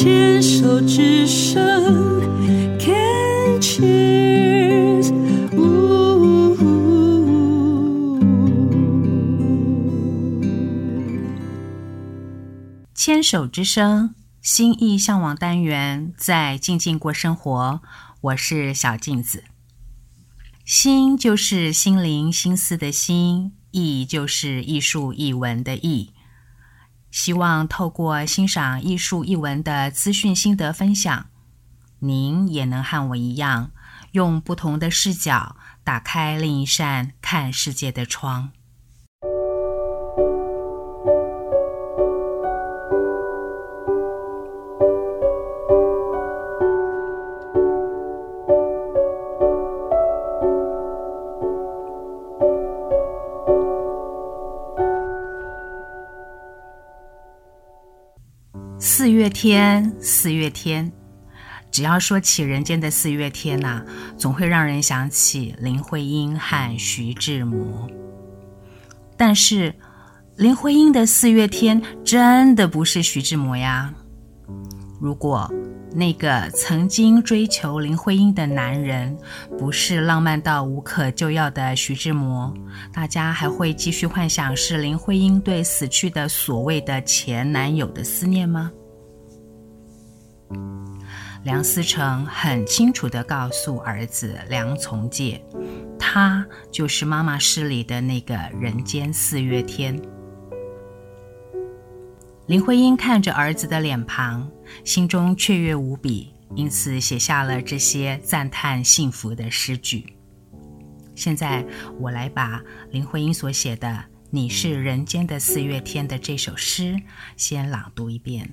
牽手之聲，Can 嗚、哦。哦哦、牽手之聲，心藝嚮往單元，在靜靜過生活。我是小鏡子。心就是心靈、心思的心，藝就是藝術、藝文的藝。希望透過欣賞藝術藝文的資訊心得分享，您也能和我一樣，用不同的視角打開另一扇看世界的窗。四月天，四月天，只要說起人間的四月天吶、啊，總會讓人想起林徽因和徐志摩。但是，林徽因的四月天真的不是徐志摩呀。如果那個曾經追求林徽因的男人不是浪漫到無可救藥的徐志摩，大家還會繼續幻想是林徽因對死去的所謂的前男友的思念嗎？梁思成很清楚地告訴兒子梁從誡：“他就是媽媽詩裡的那個人間四月天。”林徽因看着兒子的臉龐，心中雀躍無比，因此寫下了這些讚嘆幸福的詩句。現在，我來把林徽因所寫的《你是人間的四月天》的這首詩先朗讀一遍。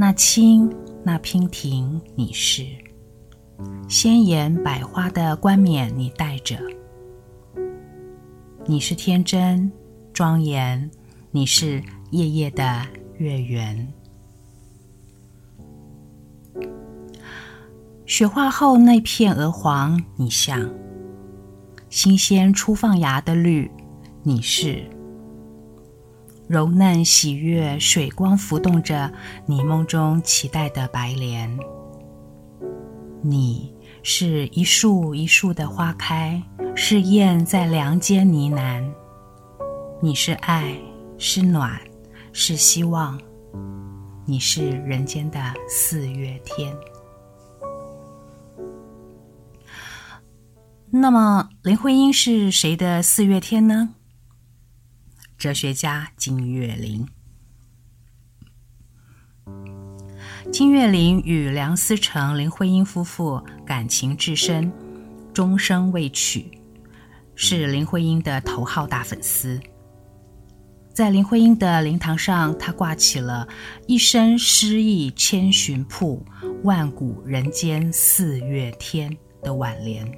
那輕，那娉婷，你是；鮮妍百花的冠冕，你戴着；你是天真莊嚴，你是夜夜的月圓。雪化後那片鵝黃，你像；新鮮初放芽的綠，你是。柔嫩喜悅，水光浮動着你夢中期待的白蓮。你是一樹一樹的花開，是燕在梁間呢喃。你是愛，是暖，是希望，你是人間的四月天。那麼，林徽因是誰的四月天呢？哲學家金岳霖，金岳霖與梁思成、林徽因夫婦感情至深，終生未娶，是林徽因的頭號大粉絲。在林徽因的靈堂上，他掛起了一身詩意：“千尋瀑，萬古人間四月天”的挽聯。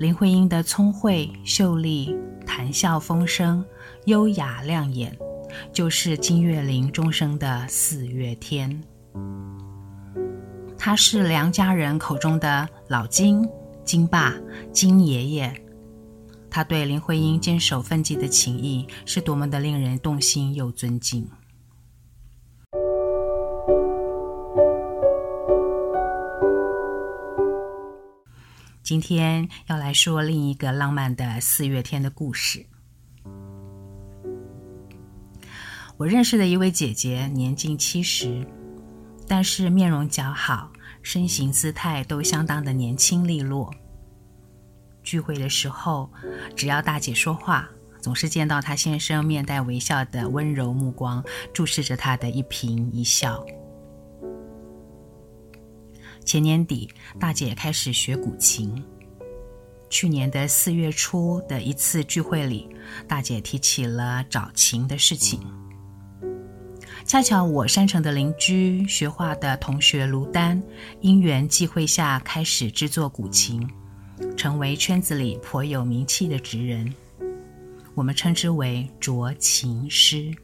林徽因的聰慧、秀麗、談笑風生、優雅亮眼，就是金岳霖終生的四月天。他是梁家人口中的老金、金爸、金爺爺。他對林徽因堅守分際的情誼，是多麼的令人動心又尊敬。今天要來說另一個浪漫的四月天的故事。我認識的一位姐姐，年近七十，但是面容姣好，身形姿態都相當的年輕利落。聚會的時候，只要大姐說話，總是見到她先生面帶微笑的溫柔目光注視着她的一顰一笑。前年底，大姐開始學古琴。去年的四月初的一次聚會裡，大姐提起了找琴的事情。恰巧我山城的鄰居、學畫的同學盧丹，因緣際會下開始製作古琴，成為圈子裡頗有名氣的職人，我們稱之為斫琴師。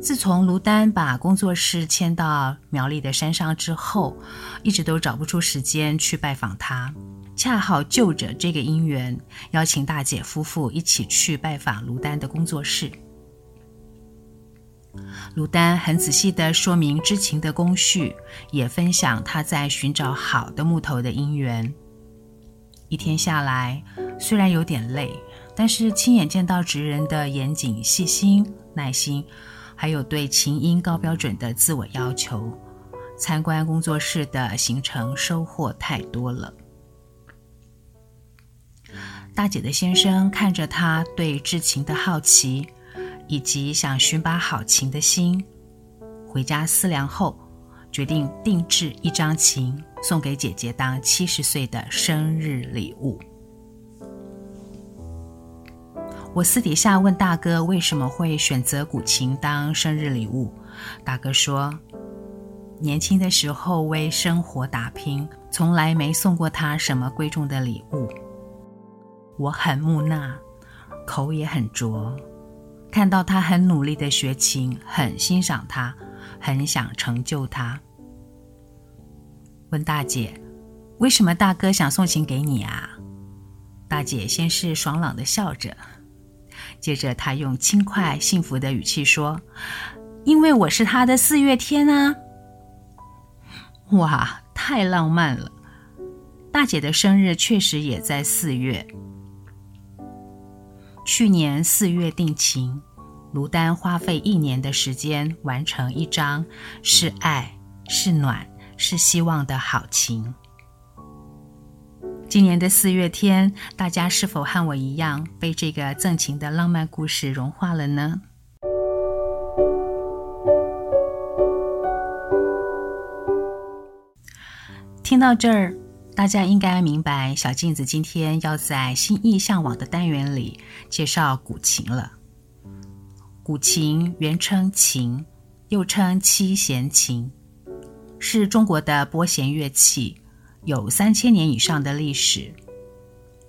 自從盧丹把工作室遷到苗栗的山上之後，一直都找不出時間去拜訪他。恰好就着這個因緣，邀請大姐夫婦一起去拜訪盧丹的工作室。盧丹很仔細地說明製琴的工序，也分享他在尋找好的木頭的因緣。一天下來，雖然有點累，但是親眼見到職人的嚴謹、細心、耐心。還有對琴音高標準的自我要求，參觀工作室的行程收穫太多了。大姐的先生看着她對製琴的好奇，以及想尋把好琴的心，回家思量後，決定定製一張琴送給姐姐當七十歲的生日禮物。我私底下問大哥為什麼會選擇古琴當生日禮物，大哥說，年輕的時候為生活打拼，從來沒送過他什麼貴重的禮物。我很木訥，口也很拙，看到他很努力的學琴，很欣賞他，很想成就他。問大姐，為什麼大哥想送琴給你啊？大姐先是爽朗的笑着。接着，他用輕快、幸福的語氣說：“因為我是他的四月天啊！”哇，太浪漫了！大姐的生日確實也在四月。去年四月定情，盧丹花費一年的時間完成一張“是愛，是暖，是希望”的好琴。今年的四月天，大家是否和我一樣被這個贈琴的浪漫故事融化了呢？聽到這兒，大家應該明白，小鏡子今天要在心藝嚮往的單元裡介紹古琴了。古琴原稱琴，又稱七絃琴，是中國的撥絃樂器。有三千年以上的歷史，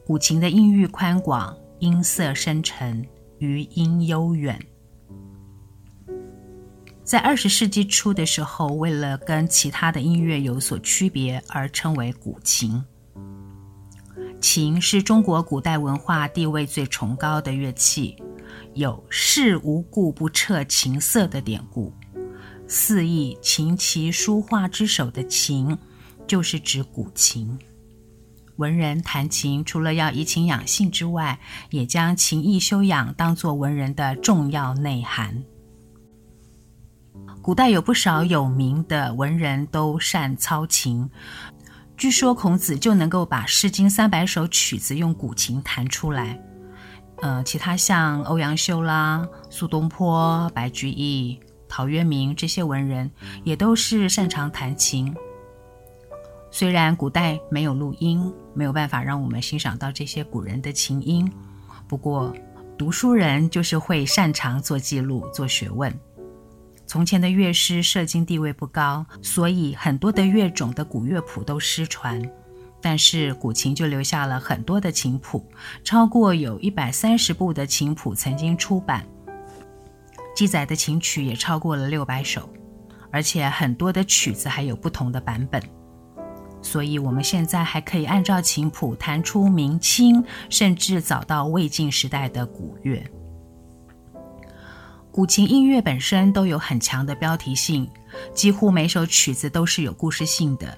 古琴的音域寬廣，音色深沉，餘音悠遠。在二十世紀初的時候，為了跟其他的音樂有所區別，而稱為古琴。琴是中國古代文化地位最崇高的樂器，有“士無故不撤琴瑟”的典故，四藝“琴棋書畫”之首的琴。就是指古琴。文人彈琴，除了要怡情養性之外，也將琴藝修養當作文人的重要內涵。古代有不少有名的文人都善操琴，據說孔子就能夠把《詩經》三百首曲子用古琴彈出來。呃，其他像歐陽修啦、蘇東坡、白居易、陶淵明這些文人，也都是擅長彈琴。雖然古代沒有錄音，沒有辦法讓我們欣賞到這些古人的琴音，不過讀書人就是會擅長做記錄、做學問。從前的樂師社經地位不高，所以很多的樂種的古樂譜都失傳，但是古琴就留下了很多的琴譜，超過有一百三十部的琴譜曾經出版，記載的琴曲也超過了六百首，而且很多的曲子還有不同的版本。所以，我們現在還可以按照琴譜彈出明清，甚至早到魏晉時代的古樂。古琴音樂本身都有很強的標題性，幾乎每首曲子都是有故事性的。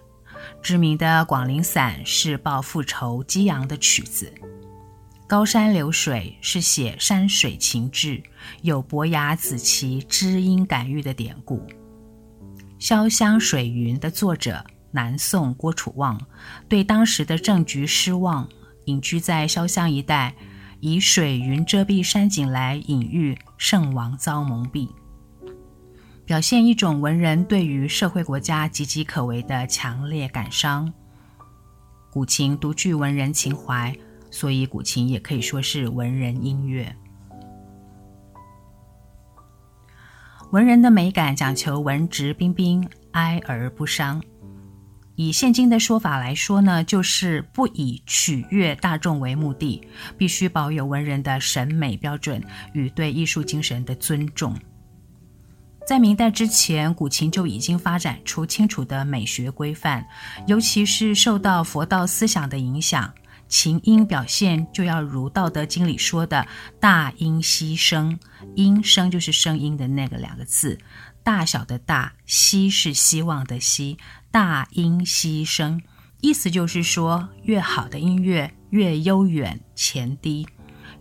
知名的《廣陵散》是報復仇、激昂的曲子，《高山流水》是寫山水情致，有伯牙子期知音感遇的典故，《瀟湘水雲》的作者。南宋郭楚望對當時的政局失望，隱居在瀟湘一帶，以水雲遮蔽山景來隱喻聖王遭蒙蔽，表現一種文人對於社會國家岌岌可危的強烈感傷。古琴獨具文人情懷，所以古琴也可以說是文人音樂。文人的美感講求文質彬彬，哀而不傷。以現今的說法來說呢，就是不以取悅大眾為目的，必須保有文人的審美標準與對藝術精神的尊重。在明代之前，古琴就已經發展出清楚的美學規範，尤其是受到佛道思想的影響。琴音表現就要如《道德經》裡說的“大音希聲”，“音聲”就是聲音的那個兩個字，“大小”的“大”，“希”是希望的“希”，“大音希聲”意思就是說，越好的音樂越悠遠、前低，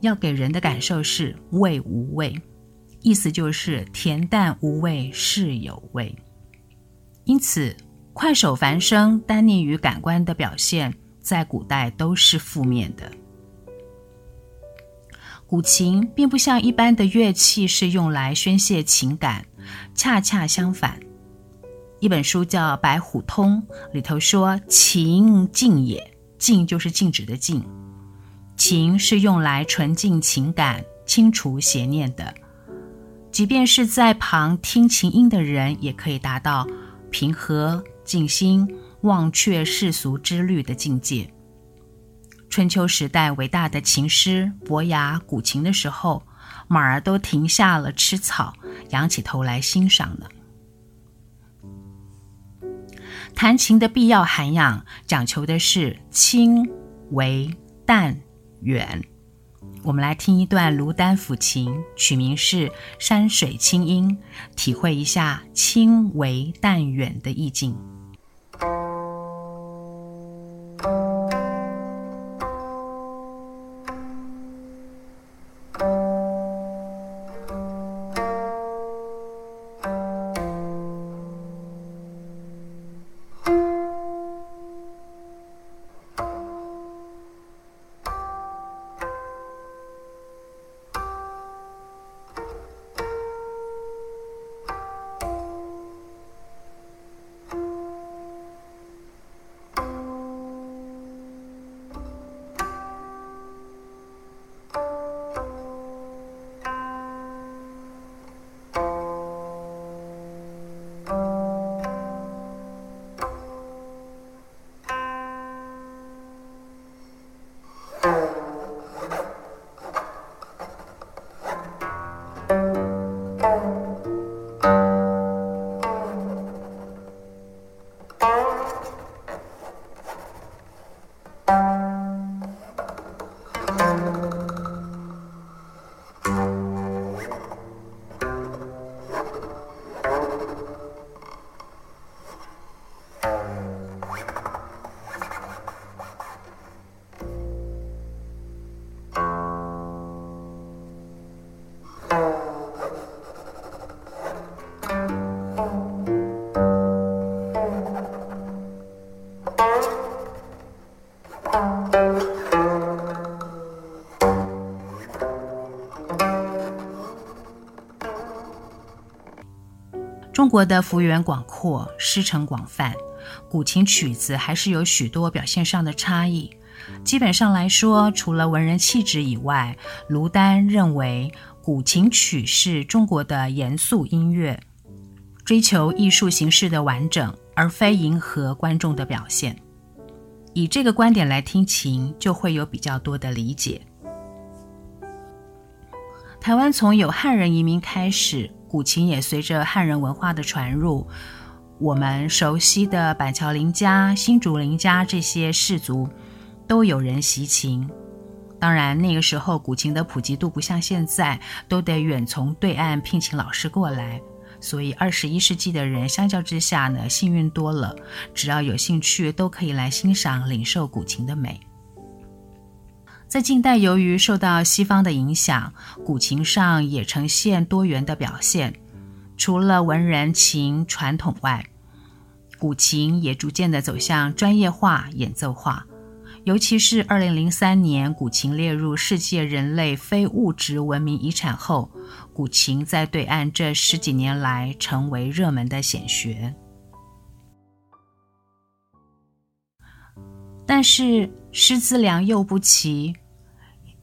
要給人的感受是味無味，意思就是恬淡無味是有味。因此，快手繁聲耽溺於感官的表現，在古代都是負面的。古琴並不像一般的樂器是用來宣泄情感，恰恰相反。一本書叫《白虎通》，裡頭說：“琴禁也，禁就是禁止的禁。琴是用來純淨情感、清除邪念的。即便是在旁聽琴音的人，也可以達到平和靜心。”忘卻世俗之慮的境界。春秋時代，偉大的琴師伯牙鼓琴的時候，馬兒都停下了吃草，仰起頭來欣賞呢。彈琴的必要涵養，講求的是清、微、淡、遠。我們來聽一段盧丹撫琴，取名是《山水清音》，體會一下清、微、淡、遠的意境。中國的幅員廣闊，師承廣泛，古琴曲子還是有許多表現上的差異。基本上來說，除了文人氣質以外，盧丹認為古琴曲是中國的嚴肅音樂，追求藝術形式的完整，而非迎合觀眾的表現。以這個觀點來聽琴，就會有比較多的理解。台灣從有漢人移民開始。古琴也隨着漢人文化的傳入，我們熟悉的板橋林家、新竹林家這些士族都有人習琴。當然，那個時候古琴的普及度不像現在，都得遠從對岸聘請老師過來。所以，二十一世紀的人相較之下呢，幸運多了，只要有興趣都可以來欣賞、領受古琴的美。在近代，由於受到西方的影響，古琴上也呈現多元的表現。除了文人琴傳統外，古琴也逐漸地走向專業化、演奏化。尤其是二零零三年，古琴列入世界人類非物質文明遺產後，古琴在對岸這十幾年來成為熱門的顯學。但是，師資良莠不齊，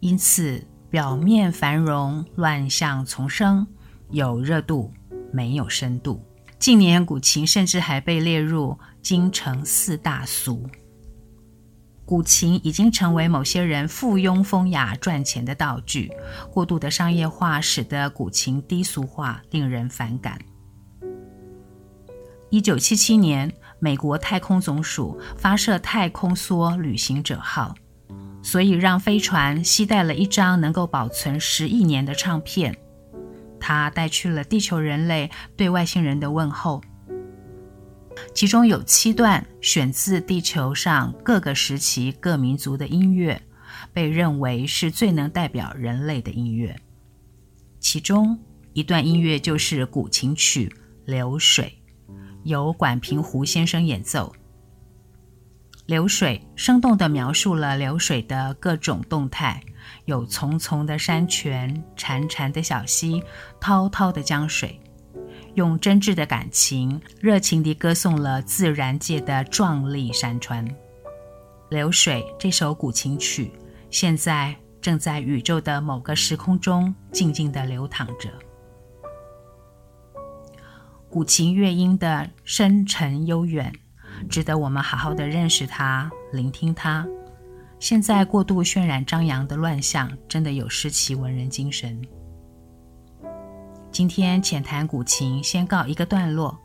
因此表面繁榮，亂象叢生，有熱度沒有深度。近年古琴甚至還被列入京城四大俗，古琴已經成為某些人附庸風雅賺錢的道具。過度的商業化使得古琴低俗化，令人反感。一九七七年。美國太空總署發射太空梭旅行者號，所以讓飛船攜帶了一張能夠保存十億年的唱片。它帶去了地球人類對外星人的問候，其中有七段選自地球上各個時期各民族的音樂，被認為是最能代表人類的音樂。其中一段音樂就是古琴曲《流水》。由管平湖先生演奏，《流水》生動地描述了流水的各種動態，有淙淙的山泉、潺潺的小溪、滔滔的江水，用真摯的感情熱情地歌頌了自然界的壯麗山川。《流水》這首古琴曲，現在正在宇宙的某個時空中靜靜地流淌着。古琴樂音的深沉悠遠，值得我們好好的認識它、聆聽它。現在過度渲染張揚的亂象，真的有失其文人精神。今天淺談古琴先告一個段落，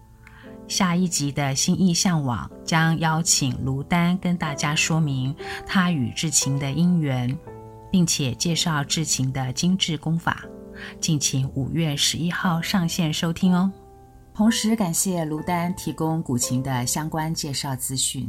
下一集的心藝嚮往將邀請盧丹跟大家說明他與製琴的因緣，並且介紹製琴的精緻工法，敬請五月十一號上線收聽哦。同時感謝盧丹提供古琴的相關介紹資訊。